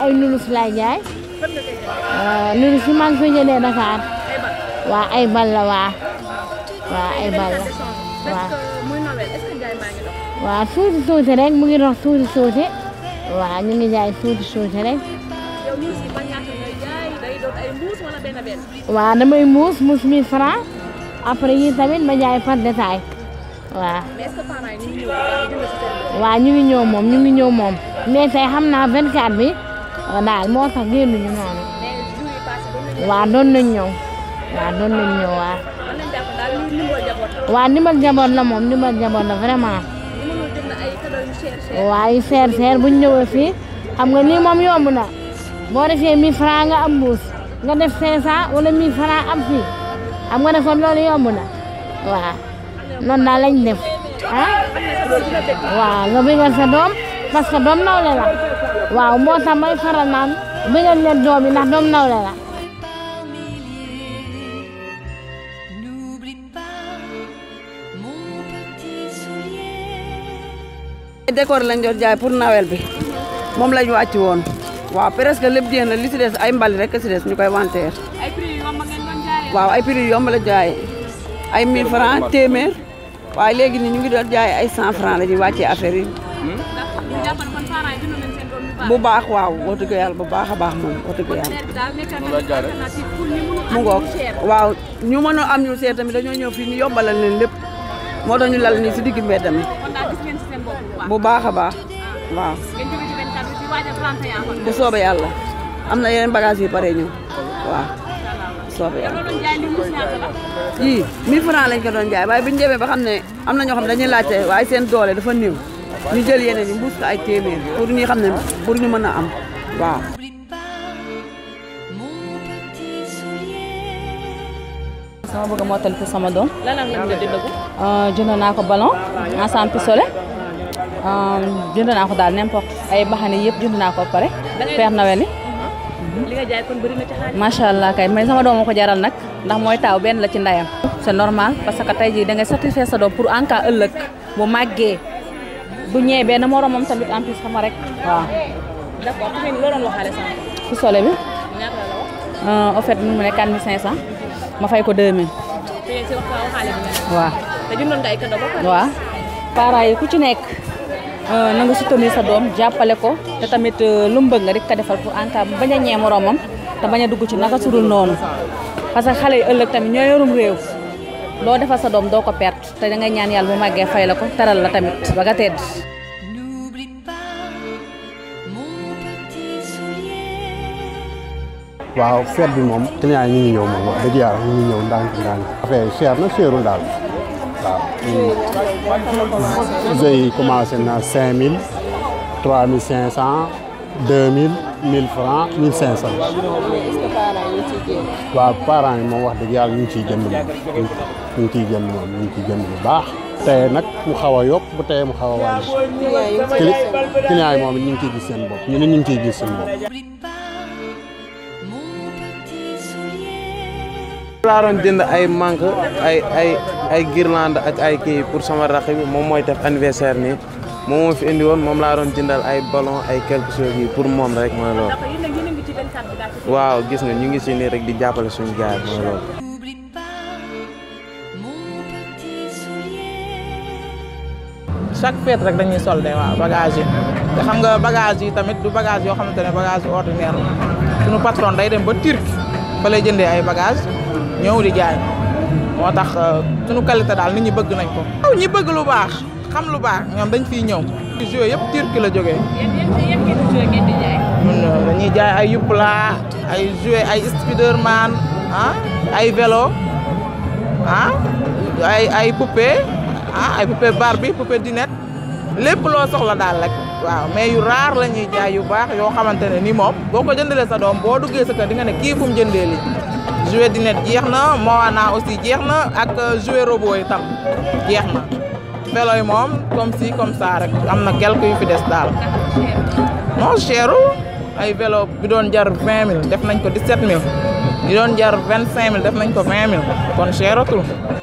ay lulus lay jaay lulus yi maa ngi koy jëlee Dakar waa ay bal la waa waa ay bal la waaw waaw tuuti rek mu ngi dox tuuti tuuti waaw ñu ngi jaay tuuti tuuti rek waaw damay muus muus mille francs après yi tamit ma jaay par détail waaw waaw ñu ngi ñëw moom ñu ngi ñëw moom mais xam naa vingt-quatre bi daal moo tax génn ñu noonu waa doon nañ ñëw waa doon nañ wa waa waa ndimbal njaboot la moom ndimbal njaboot la vraiment waaye seer seer bu ñëwee fii xam nga lii moom yomb na boo defee 1000 francs nga am mbuus nga def 500 wala 1000 francs am fii xam nga ne kon loolu yomb na wa noonu daal lañ def ah wa nga bëggal sa doom parce que doom nawle la waaw moo tax may faral naan bëggal leen doom yi ndax doom nawle la décor lañ doon jaay pour nawel bi moom lañ wàcc woon waaw presque lépp jeex na li si des ay mbali rek si des ñu koy wanteer waaw ay prix yomb la jaay ay 1000 francs téeméer waaye léegi ni ñu ngi doon jaay ay 100 francs la ñuy wàccee affaire yi bu baax waaw wax dëgg yàlla bu baax a baax moom wax dëgg yàlla. mu ngoog waaw ñu mën a am ñu seet tamit dañoo ñëw fii ñu yombalal leen lépp moo tax ñu lal nii si digg mbedd mi baax a baax waaw. bu yàlla am na yeneen bagage yu pare ñëw waaw bu soobee yàlla. yii 1000 francs lañ ko doon jaay waaye bi ñu demee ba xam ne am na ñoo xam dañuy laajte waaye seen doole dafa néew. ñu jël yeneen yi mbuus ay téeméer pour ñu xam ne pour ñu mën a am waaw sama bëgg motal ko sama doom lan ak lan nga jëndagu euh jënd naa ko ballon ensemble pistolet euh jënd naa ko daal n'importe ay baxane yëpp jënd naa ko pare père nawel mhm. li nga jaay kon bëri na ci xaalis macha allah kay may sama doom ko jaral nag ndax mooy taw benn la ci ndayam c'est normal parce que tey jii da ngay satisfaire sa doom pour en cas ëllëg bu màggee du ñee benn moromam tamit en plus xam rek waaw ah. d'accord xam nga doon waxale sànq ci sole bi ñaata la wax euh ah, en fait mu ne 4500 ma fay ko 2000 té ci wax waxale bi waaw té jëndon day kado ba pare waaw yi ku ci nekk euh na nga soutenir sa doom jàppale ko te tamit euh, lu mbëgg rek ka pour en cas baña moromam baña dugg ci naka sudul parce que tamit yorum lo defal sa dom do ko perte te da ngay ñaan yalla bu magge fay la ko teral la tamit ba nga tedd waaw fet bi mom te ñaan ñi ngi ñëw moom wax dëgg yàlla ngi ñëw ndànk cher na cherul dal waaw commencé na 5000 3500 2000 1000 francs 1500 waaw parents yi moom wax deug yàlla ñu ci jënd ñu ngi ciy jënd moom ñu ciy jënd bu baax tey nag mu xaw a yokk bu tey mu xaw a wàññi moom ñu ngi ciy gis seen bopp ñu ne ñu ngi ciy gis seen bopp laa doon jënd ay manque ay ay ay guirlande ak ay kii pour sama rakk bi moom mooy def anniversaire nii moom moo fi indi woon moom laa doon jëndal ay ballon ay quelque chose yi pour moom rek mooy loolu waaw gis nga ñu ngi si nii rek di jàppale suñu gaay mooy loolu chaque fête rek dañuy soldé wa bagage yi te xam nga bagage yi tamit du bagage yo xamantene bagage ordinaire suñu patron day dem ba turki fa lay jëndé ay bagage ñëw di jaay motax euh, suñu qualité dal nit ñi bëgg nañ ko aw ñi bëgg lu baax xam lu baax ñom dañ fi ñëw joué yépp turki la jógee ñun euh, dañuy jaay ay yupla ay jouer ay spiderman ah ay vélo ah ay ay poupée ah ay poupée Barbie poupée dinette lépp loo soxla daal rek waaw mais yu raar la ñuy jaay yu baax yoo xamante ne ni moom boo ko jëndalee sa doom boo duggee sa kër di nga ne kii fu mu jëndee lii jouet jeex na Moana aussi jeex na ak euh, jouet robot yi tam jeex na vélo yi moom comme ci comme ça rek am na quelques yu fi des daal non cheru ay vélo bi doon jar vingt mille def nañ ko dix-sept bi doon jar vingt-cinq mille def nañ ko vingt mille kon cheratul